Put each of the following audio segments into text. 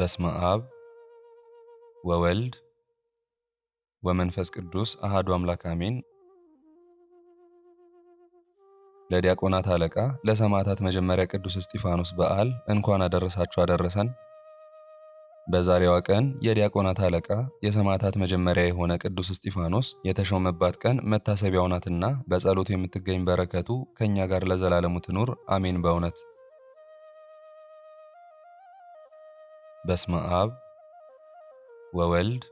በስመ አብ ወወልድ ወመንፈስ ቅዱስ አሃዱ አምላክ አሜን። ለዲያቆናት አለቃ ለሰማዕታት መጀመሪያ ቅዱስ እስጢፋኖስ በዓል እንኳን አደረሳችሁ አደረሰን። በዛሬዋ ቀን የዲያቆናት አለቃ የሰማዕታት መጀመሪያ የሆነ ቅዱስ እስጢፋኖስ የተሾመባት ቀን መታሰቢያው ናትና በጸሎት የምትገኝ በረከቱ ከእኛ ጋር ለዘላለሙ ትኑር አሜን። በእውነት በስመ አብ ወወልድ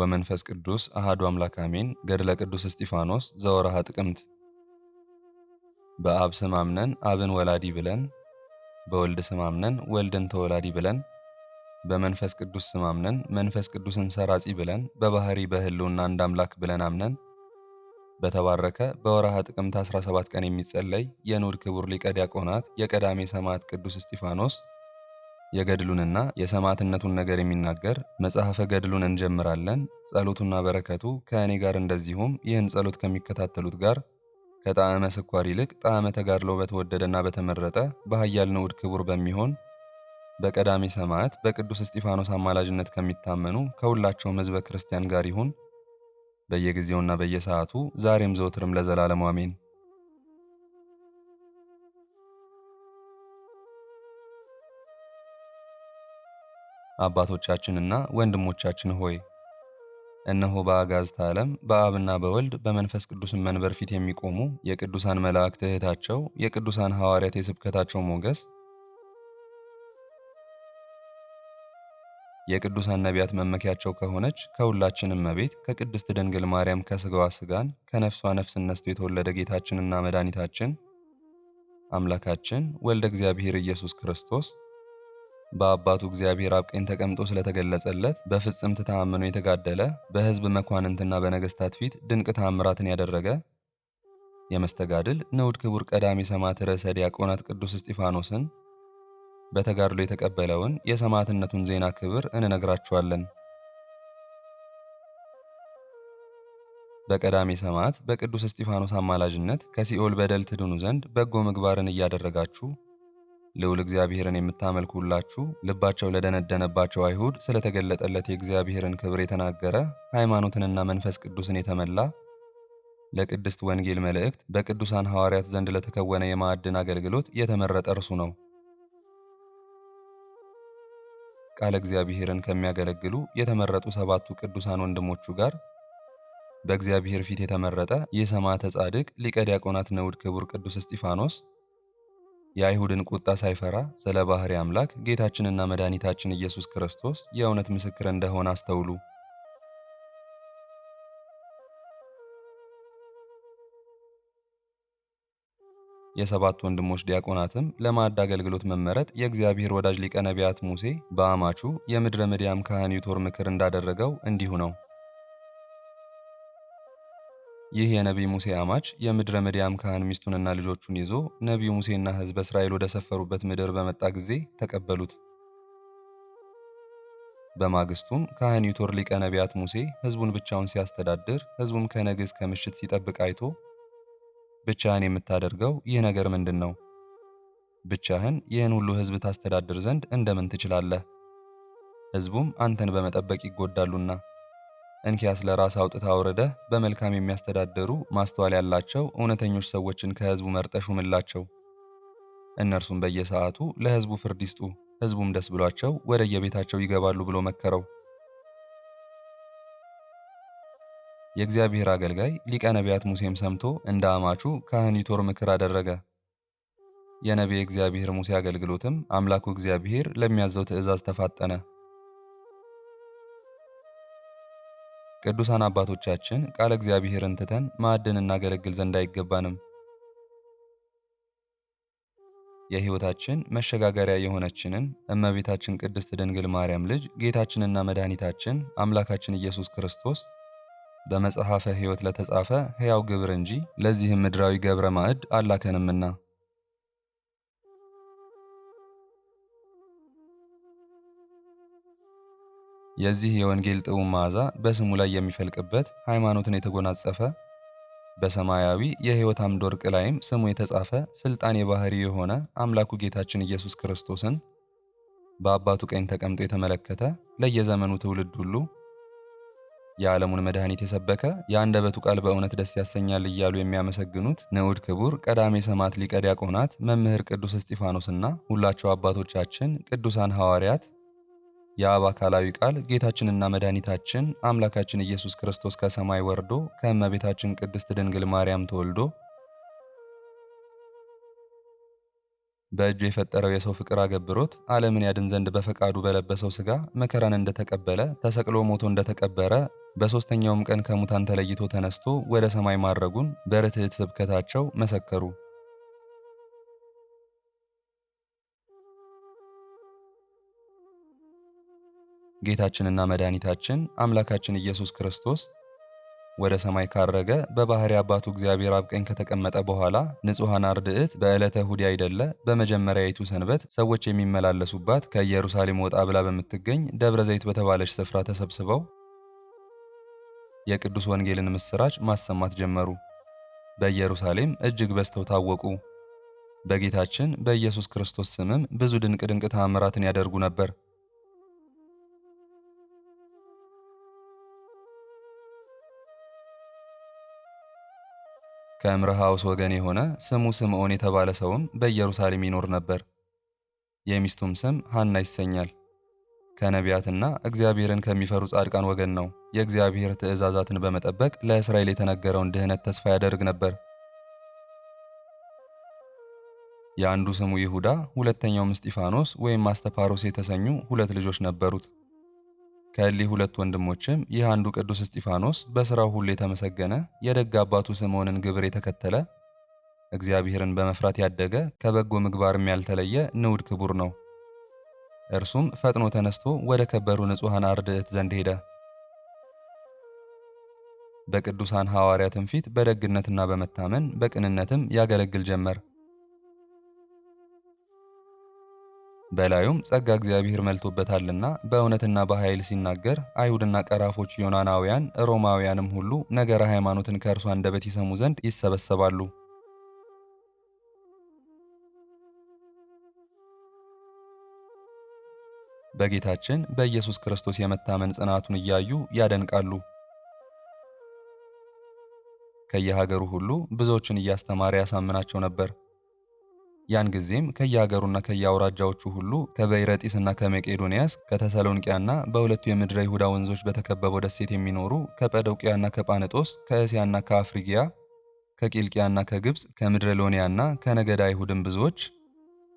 ወመንፈስ ቅዱስ አሃዱ አምላክ አሜን። ገድለ ቅዱስ እስጢፋኖስ ዘወርሃ ጥቅምት። በአብ ስም አምነን አብን ወላዲ ብለን፣ በወልድ ስም አምነን ወልድን ተወላዲ ብለን፣ በመንፈስ ቅዱስ ስም አምነን መንፈስ ቅዱስን ሰራጺ ብለን፣ በባህሪ በህልውና አንድ አምላክ ብለን አምነን በተባረከ በወርሃ ጥቅምት 17 ቀን የሚጸለይ የኑድ ክቡር ሊቀ ዲያቆናት የቀዳሜ ሰማዕት ቅዱስ እስጢፋኖስ የገድሉንና የሰማዕትነቱን ነገር የሚናገር መጽሐፈ ገድሉን እንጀምራለን። ጸሎቱና በረከቱ ከእኔ ጋር እንደዚሁም ይህን ጸሎት ከሚከታተሉት ጋር ከጣዕመ ስኳር ይልቅ ጣዕመ ተጋድሎ በተወደደና በተመረጠ በኃያል ንዑድ ክቡር በሚሆን በቀዳሜ ሰማዕት በቅዱስ እስጢፋኖስ አማላጅነት ከሚታመኑ ከሁላቸውም ሕዝበ ክርስቲያን ጋር ይሁን በየጊዜውና በየሰዓቱ ዛሬም ዘውትርም ለዘላለም አሜን። አባቶቻችንና ወንድሞቻችን ሆይ እነሆ በአጋዝታ ዓለም በአብና በወልድ በመንፈስ ቅዱስ መንበር ፊት የሚቆሙ የቅዱሳን መላእክት እህታቸው የቅዱሳን ሐዋርያት የስብከታቸው ሞገስ የቅዱሳን ነቢያት መመኪያቸው ከሆነች ከሁላችንም መቤት ከቅድስት ድንግል ማርያም ከሥጋዋ ሥጋን ከነፍሷ ነፍስን ነስቶ የተወለደ ጌታችንና መድኃኒታችን አምላካችን ወልደ እግዚአብሔር ኢየሱስ ክርስቶስ በአባቱ እግዚአብሔር አብ ቀኝ ተቀምጦ ስለተገለጸለት በፍጽም ተማምኖ የተጋደለ በሕዝብ መኳንንትና በነገሥታት ፊት ድንቅ ታምራትን ያደረገ የመስተጋድል ንዑድ ክቡር ቀዳሚ ሰማዕት ርዕሰ ዲያቆናት ቅዱስ እስጢፋኖስን በተጋድሎ የተቀበለውን የሰማዕትነቱን ዜና ክብር እንነግራችኋለን። በቀዳሚ ሰማዕት በቅዱስ እስጢፋኖስ አማላጅነት ከሲኦል በደል ትድኑ ዘንድ በጎ ምግባርን እያደረጋችሁ ልዑል እግዚአብሔርን የምታመልኩ ሁላችሁ ልባቸው ለደነደነባቸው አይሁድ ስለተገለጠለት የእግዚአብሔርን ክብር የተናገረ ሃይማኖትንና መንፈስ ቅዱስን የተመላ ለቅድስት ወንጌል መልእክት በቅዱሳን ሐዋርያት ዘንድ ለተከወነ የማዕድን አገልግሎት የተመረጠ እርሱ ነው። ቃለ እግዚአብሔርን ከሚያገለግሉ የተመረጡ ሰባቱ ቅዱሳን ወንድሞቹ ጋር በእግዚአብሔር ፊት የተመረጠ የሰማዕተ ጻድቅ ሊቀ ዲያቆናት ነውድ ክቡር ቅዱስ እስጢፋኖስ የአይሁድን ቁጣ ሳይፈራ ስለ ባህሪ አምላክ ጌታችንና መድኃኒታችን ኢየሱስ ክርስቶስ የእውነት ምስክር እንደሆነ አስተውሉ። የሰባት ወንድሞች ዲያቆናትም ለማዕድ አገልግሎት መመረጥ የእግዚአብሔር ወዳጅ ሊቀ ነቢያት ሙሴ በአማቹ የምድረ ምድያም ካህን ዮቶር ምክር እንዳደረገው እንዲሁ ነው። ይህ የነቢይ ሙሴ አማች የምድረ ምድያም ካህን ሚስቱንና ልጆቹን ይዞ ነቢዩ ሙሴና ሕዝበ እስራኤል ወደ ሰፈሩበት ምድር በመጣ ጊዜ ተቀበሉት። በማግስቱም ካህን ዩቶር ሊቀ ነቢያት ሙሴ ሕዝቡን ብቻውን ሲያስተዳድር፣ ሕዝቡም ከነግስ እስከ ምሽት ሲጠብቅ አይቶ ብቻህን የምታደርገው ይህ ነገር ምንድን ነው? ብቻህን ይህን ሁሉ ሕዝብ ታስተዳድር ዘንድ እንደምን ትችላለህ? ሕዝቡም አንተን በመጠበቅ ይጎዳሉና እንኪያስ ለራስ አውጥታ አውርደህ በመልካም የሚያስተዳደሩ ማስተዋል ያላቸው እውነተኞች ሰዎችን ከህዝቡ መርጠህ ሹምላቸው። እነርሱም በየሰዓቱ ለህዝቡ ፍርድ ይስጡ፣ ህዝቡም ደስ ብሏቸው ወደ የቤታቸው ይገባሉ ብሎ መከረው። የእግዚአብሔር አገልጋይ ሊቀ ነቢያት ሙሴም ሰምቶ እንደ አማቹ ይቶር ምክር አደረገ። የነቢየ እግዚአብሔር ሙሴ አገልግሎትም አምላኩ እግዚአብሔር ለሚያዘው ትእዛዝ ተፋጠነ። ቅዱሳን አባቶቻችን ቃለ እግዚአብሔርን ትተን ማዕድን እናገለግል ዘንድ አይገባንም። የሕይወታችን መሸጋገሪያ የሆነችንን እመቤታችን ቅድስት ድንግል ማርያም ልጅ ጌታችንና መድኃኒታችን አምላካችን ኢየሱስ ክርስቶስ በመጽሐፈ ሕይወት ለተጻፈ ሕያው ግብር እንጂ ለዚህም ምድራዊ ገብረ ማዕድ አላከንምና የዚህ የወንጌል ጥዑም መዓዛ በስሙ ላይ የሚፈልቅበት ሃይማኖትን የተጎናጸፈ በሰማያዊ የሕይወት አምደ ወርቅ ላይም ስሙ የተጻፈ ሥልጣን የባሕሪ የሆነ አምላኩ ጌታችን ኢየሱስ ክርስቶስን በአባቱ ቀኝ ተቀምጦ የተመለከተ ለየዘመኑ ትውልድ ሁሉ የዓለሙን መድኃኒት የሰበከ የአንደበቱ ቃል በእውነት ደስ ያሰኛል እያሉ የሚያመሰግኑት ንዑድ ክቡር ቀዳሜ ሰማዕት ሊቀ ዲያቆናት መምህር ቅዱስ እስጢፋኖስና ሁላቸው አባቶቻችን ቅዱሳን ሐዋርያት የአብ አካላዊ ቃል ጌታችንና መድኃኒታችን አምላካችን ኢየሱስ ክርስቶስ ከሰማይ ወርዶ ከእመቤታችን ቅድስት ድንግል ማርያም ተወልዶ በእጁ የፈጠረው የሰው ፍቅር አገብሮት ዓለምን ያድን ዘንድ በፈቃዱ በለበሰው ሥጋ መከራን እንደተቀበለ ተሰቅሎ ሞቶ እንደተቀበረ በሦስተኛውም ቀን ከሙታን ተለይቶ ተነስቶ ወደ ሰማይ ማድረጉን በርትዕት ስብከታቸው መሰከሩ። ጌታችንና መድኃኒታችን አምላካችን ኢየሱስ ክርስቶስ ወደ ሰማይ ካረገ በባሕሪ አባቱ እግዚአብሔር አብ ቀኝ ከተቀመጠ በኋላ ንጹሐን አርድዕት በዕለተ እሑድ አይደለ በመጀመሪያይቱ ሰንበት ሰዎች የሚመላለሱባት ከኢየሩሳሌም ወጣ ብላ በምትገኝ ደብረ ዘይት በተባለች ስፍራ ተሰብስበው የቅዱስ ወንጌልን ምስራች ማሰማት ጀመሩ። በኢየሩሳሌም እጅግ በዝተው ታወቁ። በጌታችን በኢየሱስ ክርስቶስ ስምም ብዙ ድንቅ ድንቅ ተአምራትን ያደርጉ ነበር። ከእምርሃውስ ወገን የሆነ ስሙ ስምዖን የተባለ ሰውም በኢየሩሳሌም ይኖር ነበር። የሚስቱም ስም ሐና ይሰኛል። ከነቢያትና እግዚአብሔርን ከሚፈሩ ጻድቃን ወገን ነው። የእግዚአብሔር ትእዛዛትን በመጠበቅ ለእስራኤል የተነገረውን ድህነት ተስፋ ያደርግ ነበር። የአንዱ ስሙ ይሁዳ ሁለተኛውም እስጢፋኖስ ወይም አስተፓሮስ የተሰኙ ሁለት ልጆች ነበሩት። ከእሊህ ሁለት ወንድሞችም ይህ አንዱ ቅዱስ እስጢፋኖስ በሥራው ሁሉ የተመሰገነ የደግ አባቱ ስምዖንን ግብር የተከተለ እግዚአብሔርን በመፍራት ያደገ ከበጎ ምግባርም ያልተለየ ንዑድ ክቡር ነው። እርሱም ፈጥኖ ተነስቶ ወደ ከበሩ ንጹሐን አርድእት ዘንድ ሄደ። በቅዱሳን ሐዋርያትም ፊት በደግነትና በመታመን በቅንነትም ያገለግል ጀመር። በላዩም ጸጋ እግዚአብሔር መልቶበታልና በእውነትና በኃይል ሲናገር አይሁድና ቀራፎች፣ ዮናናውያን፣ ሮማውያንም ሁሉ ነገረ ሃይማኖትን ከእርሱ አንደበት ይሰሙ ዘንድ ይሰበሰባሉ። በጌታችን በኢየሱስ ክርስቶስ የመታመን ጽናቱን እያዩ ያደንቃሉ። ከየሀገሩ ሁሉ ብዙዎችን እያስተማረ ያሳምናቸው ነበር። ያን ጊዜም ከየሀገሩና ከየአውራጃዎቹ ሁሉ ከበይረጢስና ከመቄዶንያስ ከተሰሎንቅያና በሁለቱ የምድረ ይሁዳ ወንዞች በተከበበው ደሴት የሚኖሩ ከጰዶቅያና ከጳንጦስ ከእስያና ከአፍሪጊያ ከቂልቅያና ከግብፅ ከምድረ ሎንያና ከነገዳ ይሁድን ብዙዎች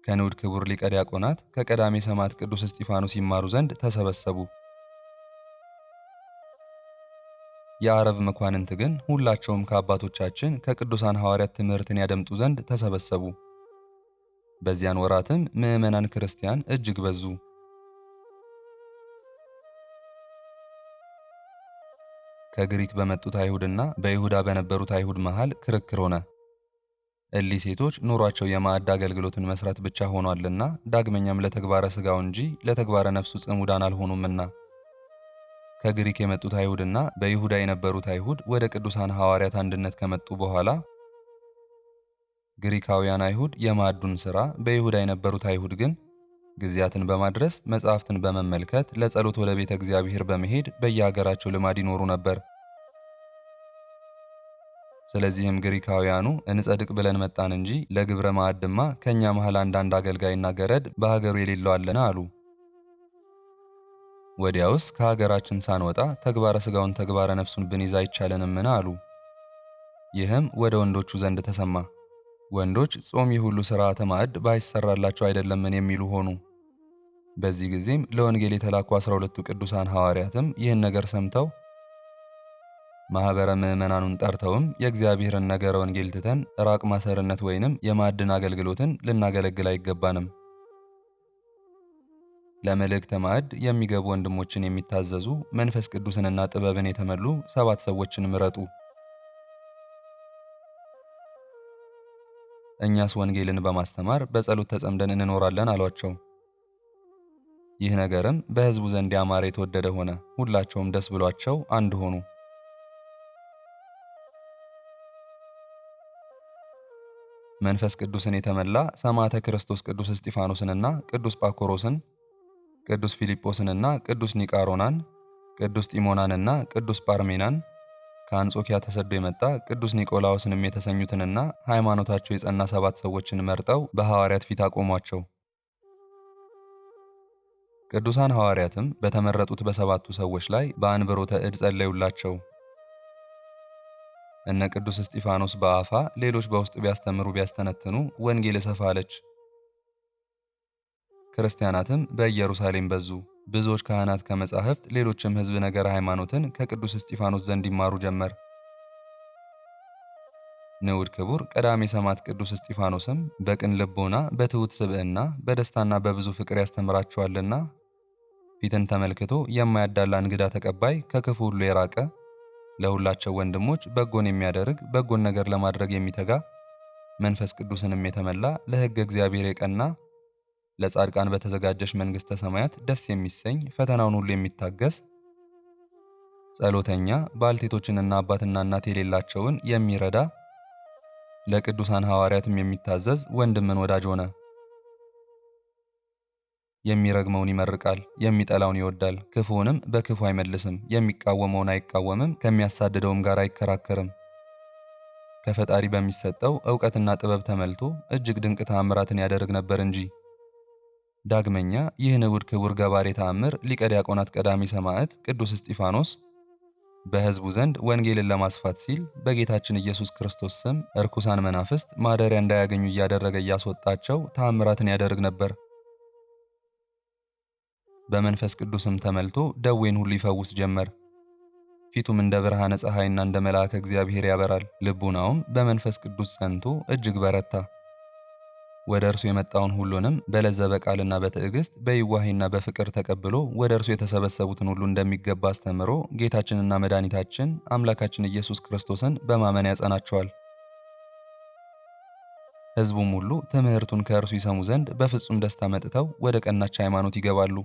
ከንዑድ ክቡር ሊቀ ዲያቆናት ከቀዳሜ ሰማዕት ቅዱስ እስጢፋኖስ ይማሩ ዘንድ ተሰበሰቡ። የአረብ መኳንንት ግን ሁላቸውም ከአባቶቻችን ከቅዱሳን ሐዋርያት ትምህርትን ያደምጡ ዘንድ ተሰበሰቡ። በዚያን ወራትም ምዕመናን ክርስቲያን እጅግ በዙ። ከግሪክ በመጡት አይሁድና በይሁዳ በነበሩት አይሁድ መሃል ክርክር ሆነ። እሊ ሴቶች ኑሯቸው የማዕድ አገልግሎትን መስራት ብቻ ሆኗልና ዳግመኛም ለተግባረ ሥጋው እንጂ ለተግባረ ነፍሱ ጽሙዳን አልሆኑምና። ከግሪክ የመጡት አይሁድና በይሁዳ የነበሩት አይሁድ ወደ ቅዱሳን ሐዋርያት አንድነት ከመጡ በኋላ ግሪካውያን አይሁድ የማዕዱን ሥራ፣ በይሁዳ የነበሩት አይሁድ ግን ጊዜያትን በማድረስ መጻሕፍትን በመመልከት ለጸሎት ወደ ቤተ እግዚአብሔር በመሄድ በየአገራቸው ልማድ ይኖሩ ነበር። ስለዚህም ግሪካውያኑ እንጸድቅ ብለን መጣን እንጂ ለግብረ ማዕድማ ከእኛ መሃል አንዳንድ አገልጋይና ገረድ በሀገሩ የሌለው አለን አሉ። ወዲያውስ ከሀገራችን ሳንወጣ ተግባረ ሥጋውን ተግባረ ነፍሱን ብንይዝ አይቻለንምን አሉ። ይህም ወደ ወንዶቹ ዘንድ ተሰማ። ወንዶች ጾም የሁሉ ሥርዓተ ማዕድ ባይሰራላቸው አይደለምን የሚሉ ሆኑ። በዚህ ጊዜም ለወንጌል የተላኩ አሥራ ሁለቱ ቅዱሳን ሐዋርያትም ይህን ነገር ሰምተው ማኅበረ ምዕመናኑን ጠርተውም የእግዚአብሔርን ነገረ ወንጌል ትተን ራቅ ማሰርነት ወይንም የማዕድን አገልግሎትን ልናገለግል አይገባንም። ለመልእክተ ማዕድ የሚገቡ ወንድሞችን የሚታዘዙ መንፈስ ቅዱስንና ጥበብን የተመሉ ሰባት ሰዎችን ምረጡ። እኛስ ወንጌልን በማስተማር በጸሎት ተጸምደን እንኖራለን አሏቸው። ይህ ነገርም በሕዝቡ ዘንድ ያማረ የተወደደ ሆነ። ሁላቸውም ደስ ብሏቸው አንድ ሆኑ። መንፈስ ቅዱስን የተመላ ሰማዕተ ክርስቶስ ቅዱስ እስጢፋኖስንና ቅዱስ ጳኮሮስን፣ ቅዱስ ፊልጶስንና ቅዱስ ኒቃሮናን፣ ቅዱስ ጢሞናንና ቅዱስ ጳርሜናን ከአንጾኪያ ተሰዶ የመጣ ቅዱስ ኒቆላዎስንም የተሰኙትንና ሃይማኖታቸው የጸና ሰባት ሰዎችን መርጠው በሐዋርያት ፊት አቆሟቸው። ቅዱሳን ሐዋርያትም በተመረጡት በሰባቱ ሰዎች ላይ በአንብሮተ እድ ጸለዩላቸው። እነ ቅዱስ እስጢፋኖስ በአፋ ሌሎች በውስጥ ቢያስተምሩ ቢያስተነትኑ ወንጌል እሰፋለች። ክርስቲያናትም በኢየሩሳሌም በዙ። ብዙዎች ካህናት ከመጻሕፍት፣ ሌሎችም ሕዝብ ነገር ሃይማኖትን ከቅዱስ እስጢፋኖስ ዘንድ ይማሩ ጀመር። ንዑድ ክቡር ቀዳሜ ሰማዕት ቅዱስ እስጢፋኖስም በቅን ልቦና በትሑት ስብዕና በደስታና በብዙ ፍቅር ያስተምራቸዋልና ፊትን ተመልክቶ የማያዳላ እንግዳ ተቀባይ፣ ከክፉ ሁሉ የራቀ ለሁላቸው ወንድሞች በጎን የሚያደርግ በጎን ነገር ለማድረግ የሚተጋ መንፈስ ቅዱስንም የተመላ ለሕግ እግዚአብሔር የቀና ለጻድቃን በተዘጋጀች መንግሥተ ሰማያት ደስ የሚሰኝ ፈተናውን ሁሉ የሚታገስ ጸሎተኛ ባልቴቶችንና አባትና እናት የሌላቸውን የሚረዳ ለቅዱሳን ሐዋርያትም የሚታዘዝ ወንድምን ወዳጅ ሆነ። የሚረግመውን ይመርቃል፣ የሚጠላውን ይወዳል፣ ክፉውንም በክፉ አይመልስም፣ የሚቃወመውን አይቃወምም፣ ከሚያሳድደውም ጋር አይከራከርም። ከፈጣሪ በሚሰጠው ዕውቀትና ጥበብ ተመልቶ እጅግ ድንቅ ተአምራትን ያደርግ ነበር እንጂ ዳግመኛ ይህን ዕውድ ክቡር ገባሬ ተአምር ሊቀ ዲያቆናት ቀዳሚ ሰማዕት ቅዱስ እስጢፋኖስ በሕዝቡ ዘንድ ወንጌልን ለማስፋት ሲል በጌታችን ኢየሱስ ክርስቶስ ስም እርኩሳን መናፍስት ማደሪያ እንዳያገኙ እያደረገ እያስወጣቸው ተአምራትን ያደርግ ነበር። በመንፈስ ቅዱስም ተመልቶ ደዌን ሁሉ ይፈውስ ጀመር። ፊቱም እንደ ብርሃነ ፀሐይና እንደ መልአከ እግዚአብሔር ያበራል። ልቡናውም በመንፈስ ቅዱስ ጸንቶ እጅግ በረታ። ወደ እርሱ የመጣውን ሁሉንም በለዘበ ቃልና በትዕግስት በይዋሂና በፍቅር ተቀብሎ ወደ እርሱ የተሰበሰቡትን ሁሉ እንደሚገባ አስተምሮ ጌታችንና መድኃኒታችን አምላካችን ኢየሱስ ክርስቶስን በማመን ያጸናቸዋል። ሕዝቡም ሁሉ ትምህርቱን ከእርሱ ይሰሙ ዘንድ በፍጹም ደስታ መጥተው ወደ ቀናች ሃይማኖት ይገባሉ።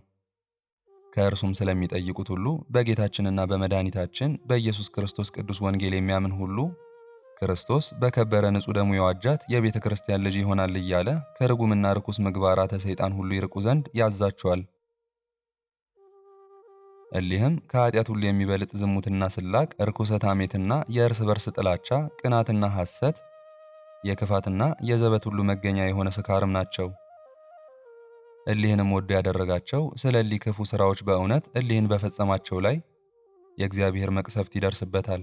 ከእርሱም ስለሚጠይቁት ሁሉ በጌታችንና በመድኃኒታችን በኢየሱስ ክርስቶስ ቅዱስ ወንጌል የሚያምን ሁሉ ክርስቶስ በከበረ ንጹሕ ደሙ የዋጃት የቤተ ክርስቲያን ልጅ ይሆናል እያለ ከርጉምና ርኩስ ምግባራተ ሰይጣን ሁሉ ይርቁ ዘንድ ያዛቸዋል። እሊህም ከኃጢአት ሁሉ የሚበልጥ ዝሙትና ስላቅ፣ ርኩሰት ሐሜትና የእርስ በርስ ጥላቻ፣ ቅናትና ሐሰት፣ የክፋትና የዘበት ሁሉ መገኛ የሆነ ስካርም ናቸው። እሊህንም ወዶ ያደረጋቸው ስለ ክፉ ሥራዎች በእውነት እሊህን በፈጸማቸው ላይ የእግዚአብሔር መቅሰፍት ይደርስበታል።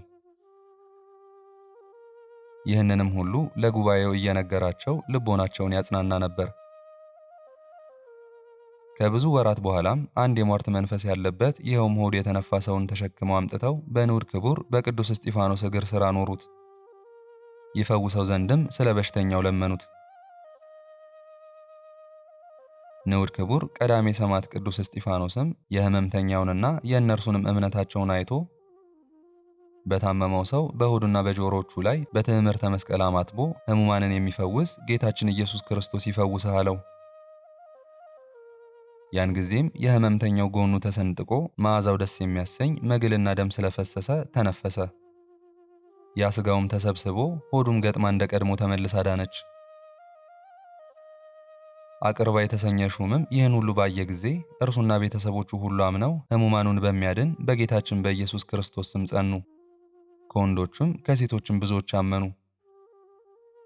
ይህንንም ሁሉ ለጉባኤው እየነገራቸው ልቦናቸውን ያጽናና ነበር። ከብዙ ወራት በኋላም አንድ የሟርት መንፈስ ያለበት ይኸውም ሆድ የተነፋ ሰውን ተሸክመው አምጥተው በንዑድ ክቡር በቅዱስ እስጢፋኖስ እግር ሥር አኖሩት። ይፈውሰው ዘንድም ስለ በሽተኛው ለመኑት። ንዑድ ክቡር ቀዳሜ ሰማዕት ቅዱስ እስጢፋኖስም የሕመምተኛውንና የእነርሱንም እምነታቸውን አይቶ በታመመው ሰው በሆዱና በጆሮቹ ላይ በትምህርተ መስቀል አማትቦ ሕሙማንን የሚፈውስ ጌታችን ኢየሱስ ክርስቶስ ይፈውስህ አለው። ያን ጊዜም የሕመምተኛው ጎኑ ተሰንጥቆ መዓዛው ደስ የሚያሰኝ መግልና ደም ስለፈሰሰ ተነፈሰ። ያ ሥጋውም ተሰብስቦ ሆዱም ገጥማ እንደ ቀድሞ ተመልሳ ዳነች። አቅርባ የተሰኘ ሹምም ይህን ሁሉ ባየ ጊዜ እርሱና ቤተሰቦቹ ሁሉ አምነው ሕሙማኑን በሚያድን በጌታችን በኢየሱስ ክርስቶስ ስም ጸኑ። ከወንዶቹም ከሴቶችም ብዙዎች አመኑ።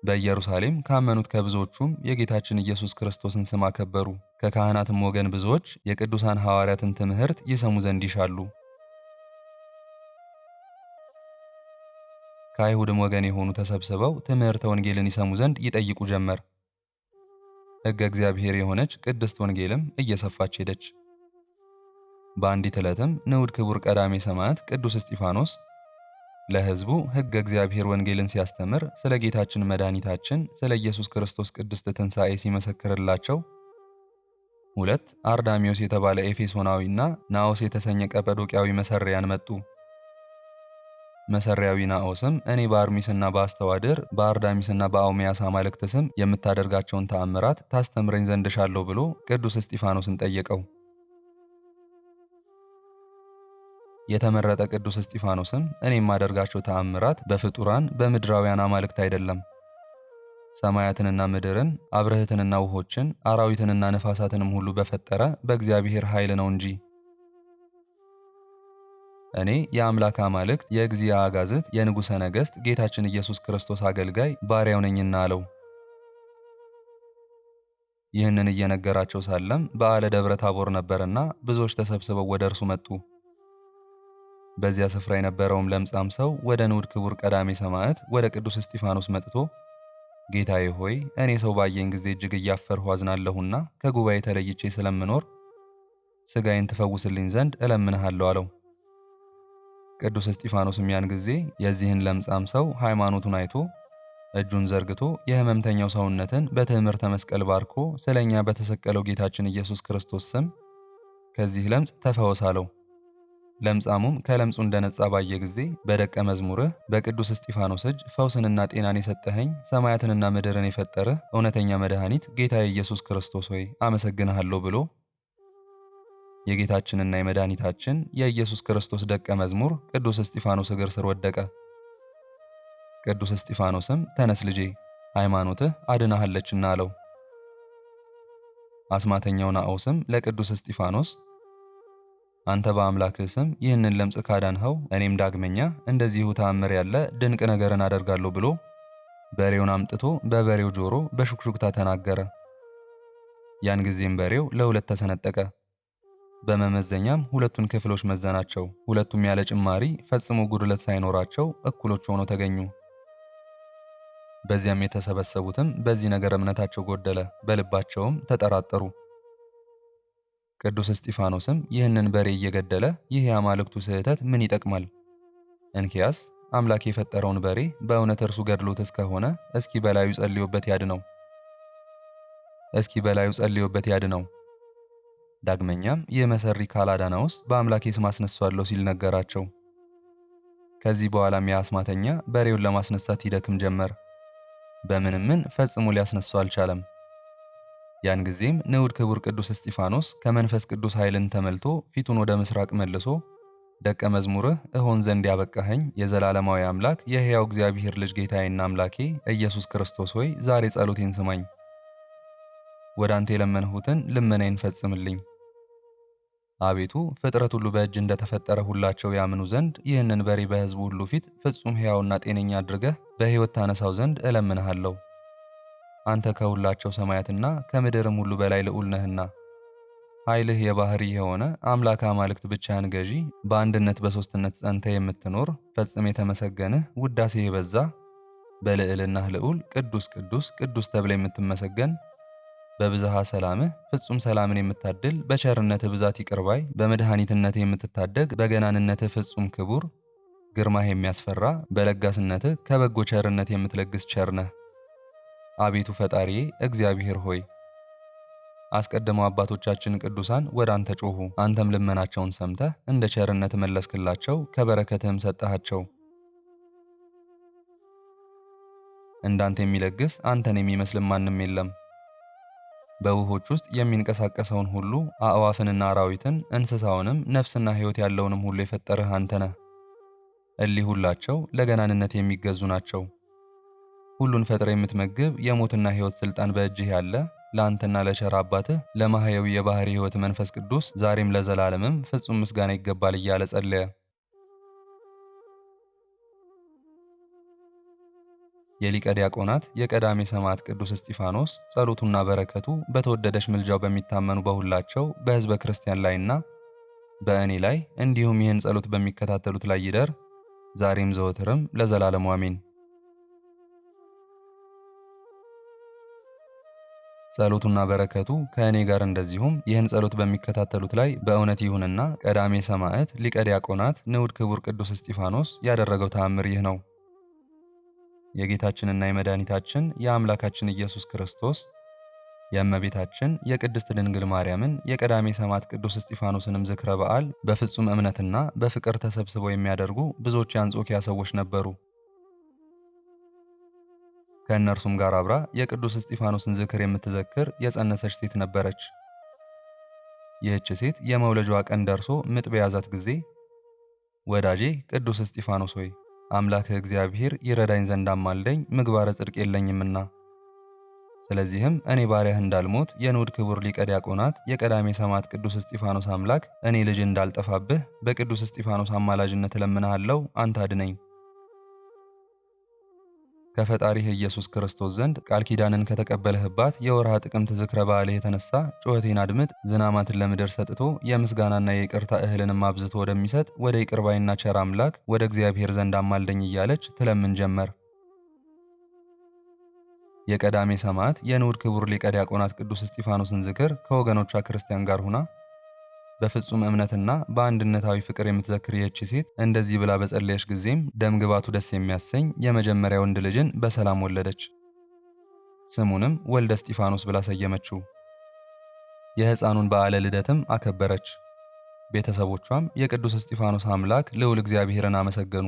በኢየሩሳሌም ካመኑት ከብዙዎቹም የጌታችን ኢየሱስ ክርስቶስን ስም አከበሩ። ከካህናትም ወገን ብዙዎች የቅዱሳን ሐዋርያትን ትምህርት ይሰሙ ዘንድ ይሻሉ። ከአይሁድም ወገን የሆኑ ተሰብስበው ትምህርተ ወንጌልን ይሰሙ ዘንድ ይጠይቁ ጀመር። ሕገ እግዚአብሔር የሆነች ቅድስት ወንጌልም እየሰፋች ሄደች። በአንዲት ዕለትም ንዑድ ክቡር ቀዳሜ ሰማዕት ቅዱስ እስጢፋኖስ ለሕዝቡ ሕገ እግዚአብሔር ወንጌልን ሲያስተምር ስለ ጌታችን መድኃኒታችን ስለ ኢየሱስ ክርስቶስ ቅድስት ትንሣኤ ሲመሰክርላቸው። ሁለት አርዳሚዮስ የተባለ ኤፌሶናዊና ናኦስ የተሰኘ ቀጰዶቅያዊ መሰሪያን መጡ። መሰሪያዊ ናኦስም እኔ በአርሚስና በአስተዋድር በአርዳሚስና በአውሜያስ አማልክት ስም የምታደርጋቸውን ተአምራት ታስተምረኝ ዘንድ ሻለሁ ብሎ ቅዱስ እስጢፋኖስን ጠየቀው። የተመረጠ ቅዱስ እስጢፋኖስም እኔ የማደርጋቸው ተአምራት በፍጡራን በምድራውያን አማልክት አይደለም፣ ሰማያትንና ምድርን አብረህትንና ውሆችን አራዊትንና ነፋሳትንም ሁሉ በፈጠረ በእግዚአብሔር ኃይል ነው እንጂ እኔ የአምላክ አማልክት የእግዚአ አጋዝት የንጉሠ ነገሥት ጌታችን ኢየሱስ ክርስቶስ አገልጋይ ባሪያው ነኝና አለው። ይህንን እየነገራቸው ሳለም በዓለ ደብረ ታቦር ነበርና ብዙዎች ተሰብስበው ወደ እርሱ መጡ። በዚያ ስፍራ የነበረውም ለምጻም ሰው ወደ ንዑድ ክቡር ቀዳሜ ሰማዕት ወደ ቅዱስ እስጢፋኖስ መጥቶ ጌታዬ ሆይ እኔ ሰው ባየኝ ጊዜ እጅግ እያፈርሁ አዝናለሁና ከጉባኤ ተለይቼ ስለምኖር ሥጋዬን ትፈውስልኝ ዘንድ እለምንሃለሁ አለው። ቅዱስ እስጢፋኖስም ያን ጊዜ የዚህን ለምጻም ሰው ሃይማኖቱን አይቶ እጁን ዘርግቶ የሕመምተኛው ሰውነትን በትምህርተ መስቀል ባርኮ ስለ እኛ በተሰቀለው ጌታችን ኢየሱስ ክርስቶስ ስም ከዚህ ለምጽ ተፈወስ አለው። ለምጻሙም ከለምጹ እንደነጻ ባየ ጊዜ በደቀ መዝሙርህ በቅዱስ እስጢፋኖስ እጅ ፈውስንና ጤናን የሰጠኸኝ ሰማያትንና ምድርን የፈጠርህ እውነተኛ መድኃኒት ጌታ ኢየሱስ ክርስቶስ ሆይ አመሰግንሃለሁ ብሎ የጌታችንና የመድኃኒታችን የኢየሱስ ክርስቶስ ደቀ መዝሙር ቅዱስ እስጢፋኖስ እግር ስር ወደቀ። ቅዱስ እስጢፋኖስም ተነስ ልጄ፣ ሃይማኖትህ አድናሃለችና አለው። አስማተኛው ናኦስም ለቅዱስ እስጢፋኖስ አንተ በአምላክህ ስም ይህንን ለምጽ ካዳንኸው እኔም ዳግመኛ እንደዚሁ ተአምር ያለ ድንቅ ነገርን አደርጋለሁ ብሎ በሬውን አምጥቶ በበሬው ጆሮ በሹክሹክታ ተናገረ። ያን ጊዜም በሬው ለሁለት ተሰነጠቀ። በመመዘኛም ሁለቱን ክፍሎች መዘናቸው። ሁለቱም ያለ ጭማሪ ፈጽሞ ጉድለት ሳይኖራቸው እኩሎች ሆነው ተገኙ። በዚያም የተሰበሰቡትም በዚህ ነገር እምነታቸው ጎደለ፣ በልባቸውም ተጠራጠሩ። ቅዱስ እስጢፋኖስም ይህንን በሬ እየገደለ ይህ የአማልክቱ ስህተት ምን ይጠቅማል? እንኪያስ አምላክ የፈጠረውን በሬ በእውነት እርሱ ገድሎት እስከሆነ እስኪ በላዩ ጸልዮበት ያድነው። እስኪ በላዩ ጸልዮበት ነው። ዳግመኛም ይህ መሰሪ ካላዳነውስ በአምላኬ ስም አስነሷለሁ ሲል ነገራቸው። ከዚህ በኋላም የአስማተኛ በሬውን ለማስነሳት ይደክም ጀመር። በምንምን ምን ፈጽሞ ሊያስነሳው አልቻለም። ያን ጊዜም ንዑድ ክቡር ቅዱስ እስጢፋኖስ ከመንፈስ ቅዱስ ኃይልን ተመልቶ ፊቱን ወደ ምስራቅ መልሶ ደቀ መዝሙርህ እሆን ዘንድ ያበቃኸኝ የዘላለማዊ አምላክ የሕያው እግዚአብሔር ልጅ ጌታዬና አምላኬ ኢየሱስ ክርስቶስ ሆይ ዛሬ ጸሎቴን ስማኝ፣ ወደ አንተ የለመንሁትን ልመናዬን ፈጽምልኝ። አቤቱ ፍጥረት ሁሉ በእጅ እንደተፈጠረ ሁላቸው ያምኑ ዘንድ ይህንን በሬ በሕዝቡ ሁሉ ፊት ፍጹም ሕያውና ጤነኛ አድርገህ በሕይወት ታነሳው ዘንድ እለምንሃለሁ። አንተ ከሁላቸው ሰማያትና ከምድርም ሁሉ በላይ ልዑል ነህና ኃይልህ የባህሪ የሆነ አምላክ አማልክት ብቻህን ገዢ በአንድነት በሦስትነት ጸንተ የምትኖር ፈጽም የተመሰገንህ ውዳሴ የበዛ በልዕልናህ ልዑል ቅዱስ ቅዱስ ቅዱስ ተብለ የምትመሰገን በብዝሃ ሰላምህ ፍጹም ሰላምን የምታድል በቸርነትህ ብዛት ይቅርባይ በመድኃኒትነት የምትታደግ በገናንነትህ ፍጹም ክቡር ግርማህ የሚያስፈራ በለጋስነትህ ከበጎ ቸርነት የምትለግስ ቸርነህ አቤቱ ፈጣሪዬ እግዚአብሔር ሆይ አስቀድመው አባቶቻችን ቅዱሳን ወደ አንተ ጮኹ፣ አንተም ልመናቸውን ሰምተህ እንደ ቸርነት መለስክላቸው፣ ከበረከትህም ሰጠሃቸው። እንዳንተ የሚለግስ አንተን የሚመስል ማንም የለም። በውሆች ውስጥ የሚንቀሳቀሰውን ሁሉ አእዋፍንና አራዊትን እንስሳውንም ነፍስና ሕይወት ያለውንም ሁሉ የፈጠረህ አንተ ነህ። እሊህ ሁላቸው ለገናንነት የሚገዙ ናቸው። ሁሉን ፈጥረ የምትመግብ የሞትና ሕይወት ሥልጣን በእጅህ ያለ ለአንተና ለቸር አባትህ ለማህያዊ የባህር ሕይወት መንፈስ ቅዱስ ዛሬም ለዘላለምም ፍጹም ምስጋና ይገባል እያለ ጸለየ። የሊቀ ዲያቆናት የቀዳሜ ሰማዕት ቅዱስ እስጢፋኖስ ጸሎቱና በረከቱ በተወደደች ምልጃው በሚታመኑ በሁላቸው በሕዝበ ክርስቲያን ላይና በእኔ ላይ እንዲሁም ይህን ጸሎት በሚከታተሉት ላይ ይደር ዛሬም ዘወትርም ለዘላለሙ አሜን። ጸሎቱና በረከቱ ከእኔ ጋር እንደዚሁም ይህን ጸሎት በሚከታተሉት ላይ በእውነት ይሁንና ቀዳሜ ሰማዕት ሊቀ ዲያቆናት ንዑድ ክቡር ቅዱስ እስጢፋኖስ ያደረገው ተአምር ይህ ነው። የጌታችንና የመድኃኒታችን የአምላካችን ኢየሱስ ክርስቶስ የእመቤታችን የቅድስት ድንግል ማርያምን የቀዳሜ ሰማዕት ቅዱስ እስጢፋኖስንም ዝክረ በዓል በፍጹም እምነትና በፍቅር ተሰብስበው የሚያደርጉ ብዙዎች የአንጾኪያ ሰዎች ነበሩ። ከእነርሱም ጋር አብራ የቅዱስ እስጢፋኖስን ዝክር የምትዘክር የጸነሰች ሴት ነበረች። ይህች ሴት የመውለጇ ቀን ደርሶ ምጥ በያዛት ጊዜ ወዳጄ ቅዱስ እስጢፋኖስ ሆይ አምላክህ እግዚአብሔር ይረዳኝ ዘንድ አማልደኝ፣ ምግባረ ጽድቅ የለኝምና ስለዚህም እኔ ባሪያህ እንዳልሞት የኖድ ክቡር ሊቀ ዲያቆናት የቀዳሜ ሰማዕት ቅዱስ እስጢፋኖስ አምላክ እኔ ልጅ እንዳልጠፋብህ በቅዱስ እስጢፋኖስ አማላጅነት እለምንሃለሁ፣ አንተ አድነኝ ከፈጣሪህ ኢየሱስ ክርስቶስ ዘንድ ቃል ኪዳንን ከተቀበለህባት የወርሃ ጥቅምት ዝክረ በዓል የተነሳ ጩኸቴን አድምጥ፣ ዝናማትን ለምድር ሰጥቶ የምስጋናና የይቅርታ እህልንም አብዝቶ ወደሚሰጥ ወደ ይቅርባይና ቸር አምላክ ወደ እግዚአብሔር ዘንድ አማልደኝ እያለች ትለምን ጀመር። የቀዳሜ ሰማዕት የንዑድ ክቡር ሊቀ ዲያቆናት ቅዱስ እስጢፋኖስን ዝክር ከወገኖቿ ክርስቲያን ጋር ሁና በፍጹም እምነትና በአንድነታዊ ፍቅር የምትዘክር ይህች ሴት እንደዚህ ብላ በጸለየች ጊዜም ደም ግባቱ ደስ የሚያሰኝ የመጀመሪያ ወንድ ልጅን በሰላም ወለደች። ስሙንም ወልደ እስጢፋኖስ ብላ ሰየመችው። የሕፃኑን በዓለ ልደትም አከበረች። ቤተሰቦቿም የቅዱስ እስጢፋኖስ አምላክ ልዑል እግዚአብሔርን አመሰገኑ።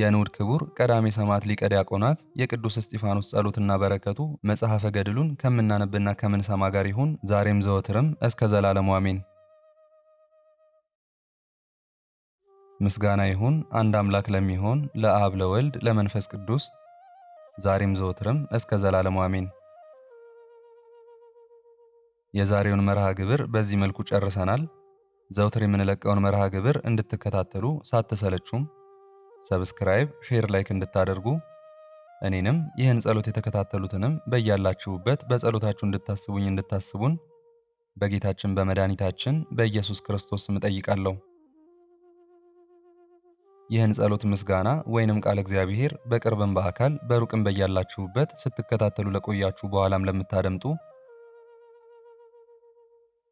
የንዑድ ክቡር ቀዳሜ ሰማዕት ሊቀ ዲያቆናት የቅዱስ እስጢፋኖስ ጸሎትና በረከቱ መጽሐፈ ገድሉን ከምናነብና ከምንሰማ ጋር ይሁን ዛሬም ዘወትርም እስከ ዘላለሙ አሜን። ምስጋና ይሁን አንድ አምላክ ለሚሆን ለአብ ለወልድ ለመንፈስ ቅዱስ ዛሬም ዘወትርም እስከ ዘላለሙ አሜን። የዛሬውን መርሃ ግብር በዚህ መልኩ ጨርሰናል። ዘውትር የምንለቀውን መርሃ ግብር እንድትከታተሉ ሳትሰለችም ሰብስክራይብ፣ ሼር፣ ላይክ እንድታደርጉ እኔንም ይህን ጸሎት የተከታተሉትንም በያላችሁበት በጸሎታችሁ እንድታስቡኝ እንድታስቡን በጌታችን በመድኃኒታችን በኢየሱስ ክርስቶስ ስም እጠይቃለሁ። ይህን ጸሎት ምስጋና ወይንም ቃል እግዚአብሔር በቅርብም በአካል በሩቅም በያላችሁበት ስትከታተሉ ለቆያችሁ በኋላም ለምታደምጡ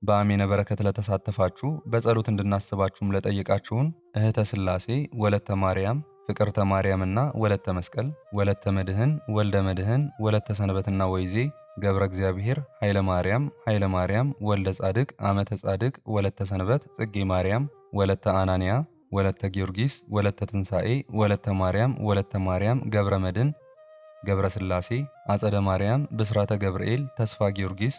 በአሜነ በረከት ለተሳተፋችሁ በጸሎት እንድናስባችሁም ለጠየቃችሁን እህተ ሥላሴ፣ ወለተ ማርያም፣ ፍቅርተ ማርያምና ወለተ መስቀል፣ ወለተ መድህን፣ ወልደ መድህን፣ ወለተ ሰንበትና ወይዜ ገብረ እግዚአብሔር ኃይለ ማርያም ኃይለ ማርያም ወልደ ጻድቅ አመተ ጻድቅ ወለተ ሰንበት ጽጌ ማርያም ወለተ አናንያ ወለተ ጊዮርጊስ፣ ወለተ ትንሣኤ፣ ወለተ ማርያም፣ ወለተ ማርያም፣ ገብረ መድን፣ ገብረ ሥላሴ፣ አጸደ ማርያም፣ ብስራተ ገብርኤል፣ ተስፋ ጊዮርጊስ፣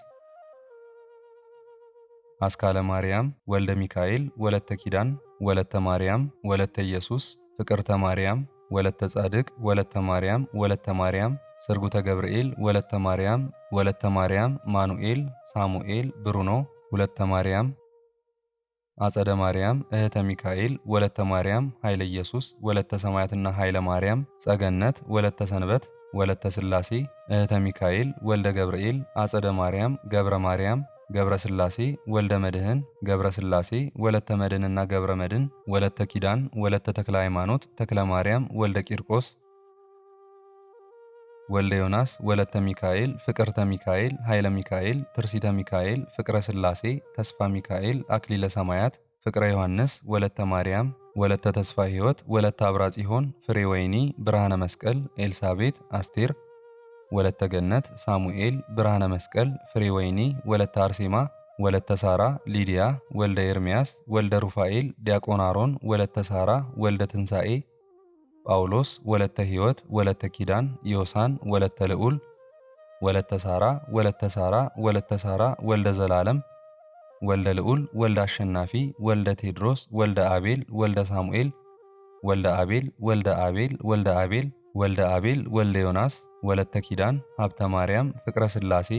አስካለ ማርያም፣ ወልደ ሚካኤል፣ ወለተ ኪዳን፣ ወለተ ማርያም፣ ወለተ ኢየሱስ፣ ፍቅርተ ማርያም፣ ወለተ ጻድቅ፣ ወለተ ማርያም፣ ወለተ ማርያም፣ ስርጉተ ገብርኤል፣ ወለተ ማርያም፣ ወለተ ማርያም፣ ማኑኤል፣ ሳሙኤል፣ ብሩኖ፣ ሁለተ ማርያም አጸደ ማርያም፣ እህተ ሚካኤል፣ ወለተ ማርያም፣ ኃይለ ኢየሱስ፣ ወለተ ሰማያትና ኃይለ ማርያም፣ ጸገነት፣ ወለተ ሰንበት፣ ወለተ ስላሴ እህተ ሚካኤል፣ ወልደ ገብርኤል፣ አጸደ ማርያም፣ ገብረ ማርያም፣ ገብረ ስላሴ፣ ወልደ መድህን፣ ገብረ ስላሴ ወለተ መድህንና ገብረ መድን ወለተ ኪዳን፣ ወለተ ተክለ ሃይማኖት፣ ተክለ ማርያም፣ ወልደ ቂርቆስ፣ ወልደ ዮናስ፣ ወለተ ሚካኤል፣ ፍቅርተ ሚካኤል፣ ኃይለ ሚካኤል፣ ትርሲተ ሚካኤል፣ ፍቅረ ሥላሴ፣ ተስፋ ሚካኤል፣ አክሊለ ሰማያት፣ ፍቅረ ዮሐንስ፣ ወለተ ማርያም፣ ወለተ ተስፋ ሕይወት፣ ወለተ አብራ ጽዮን፣ ፍሬ ወይኒ፣ ብርሃነ መስቀል፣ ኤልሳቤት፣ አስቴር፣ ወለተ ገነት፣ ሳሙኤል፣ ብርሃነ መስቀል፣ ፍሬ ወይኒ፣ ወለተ አርሴማ፣ ወለተ ሳራ፣ ሊዲያ፣ ወልደ ኤርምያስ፣ ወልደ ሩፋኤል፣ ዲያቆን አሮን፣ ወለተ ሳራ፣ ወልደ ትንሣኤ ጳውሎስ ወለተ ሕይወት ወለተ ኪዳን ዮሳን ወለተ ልዑል ወለተ ሳራ ወለተ ሳራ ወለተ ሳራ ወልደ ዘላለም ወልደ ልዑል ወልደ አሸናፊ ወልደ ቴድሮስ ወልደ አቤል ወልደ ሳሙኤል ወልደ አቤል ወልደ አቤል ወልደ አቤል ወልደ አቤል ወልደ ዮናስ ወለተ ኪዳን ሀብተ ማርያም ፍቅረ ሥላሴ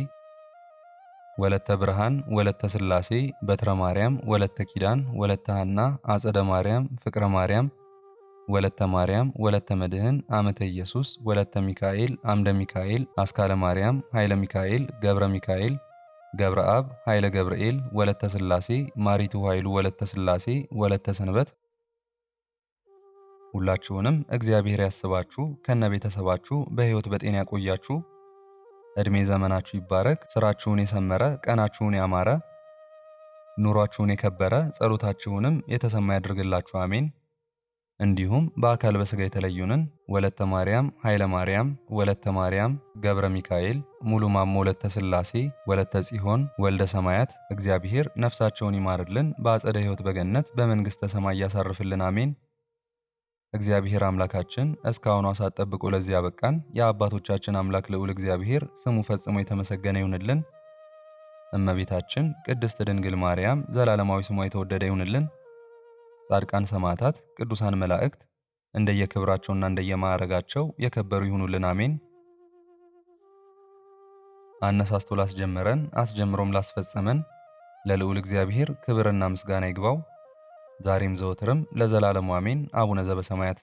ወለተ ብርሃን ወለተ ሥላሴ በትረ ማርያም ወለተ ኪዳን ወለተ ሐና አጸደ ማርያም ፍቅረ ማርያም ወለተ ማርያም፣ ወለተ መድህን፣ አመተ ኢየሱስ፣ ወለተ ሚካኤል፣ አምደ ሚካኤል፣ አስካለ ማርያም፣ ኃይለ ሚካኤል፣ ገብረ ሚካኤል፣ ገብረ አብ፣ ኃይለ ገብርኤል፣ ወለተ ስላሴ፣ ማሪቱ ኃይሉ፣ ወለተ ስላሴ፣ ወለተ ሰንበት ሁላችሁንም እግዚአብሔር ያስባችሁ ከነ ቤተሰባችሁ በህይወት በጤና ያቆያችሁ። እድሜ ዘመናችሁ ይባረክ። ስራችሁን የሰመረ፣ ቀናችሁን ያማረ፣ ኑሯችሁን የከበረ፣ ጸሎታችሁንም የተሰማ ያድርግላችሁ። አሜን። እንዲሁም በአካል በሥጋ የተለዩንን ወለተ ማርያም ኃይለ ማርያም፣ ወለተ ማርያም ገብረ ሚካኤል፣ ሙሉ ማሞ ወለተ ሥላሴ፣ ወለተ ጽዮን፣ ወልደ ሰማያት እግዚአብሔር ነፍሳቸውን ይማርልን፣ በአጸደ ሕይወት በገነት በመንግሥተ ሰማይ እያሳርፍልን አሜን። እግዚአብሔር አምላካችን እስካሁኑ አሳጠብቆ ለዚህ ያበቃን የአባቶቻችን አምላክ ልዑል እግዚአብሔር ስሙ ፈጽሞ የተመሰገነ ይሁንልን። እመቤታችን ቅድስት ድንግል ማርያም ዘላለማዊ ስሟ የተወደደ ይሁንልን። ጻድቃን ሰማዕታት፣ ቅዱሳን መላእክት እንደየክብራቸውና እንደየማዕረጋቸው የከበሩ ይሁኑልን። አሜን። አነሳስቶ ላስጀመረን አስጀምሮም ላስፈጸመን ለልዑል እግዚአብሔር ክብርና ምስጋና ይግባው ዛሬም ዘወትርም ለዘላለሙ አሜን። አቡነ ዘበሰማያት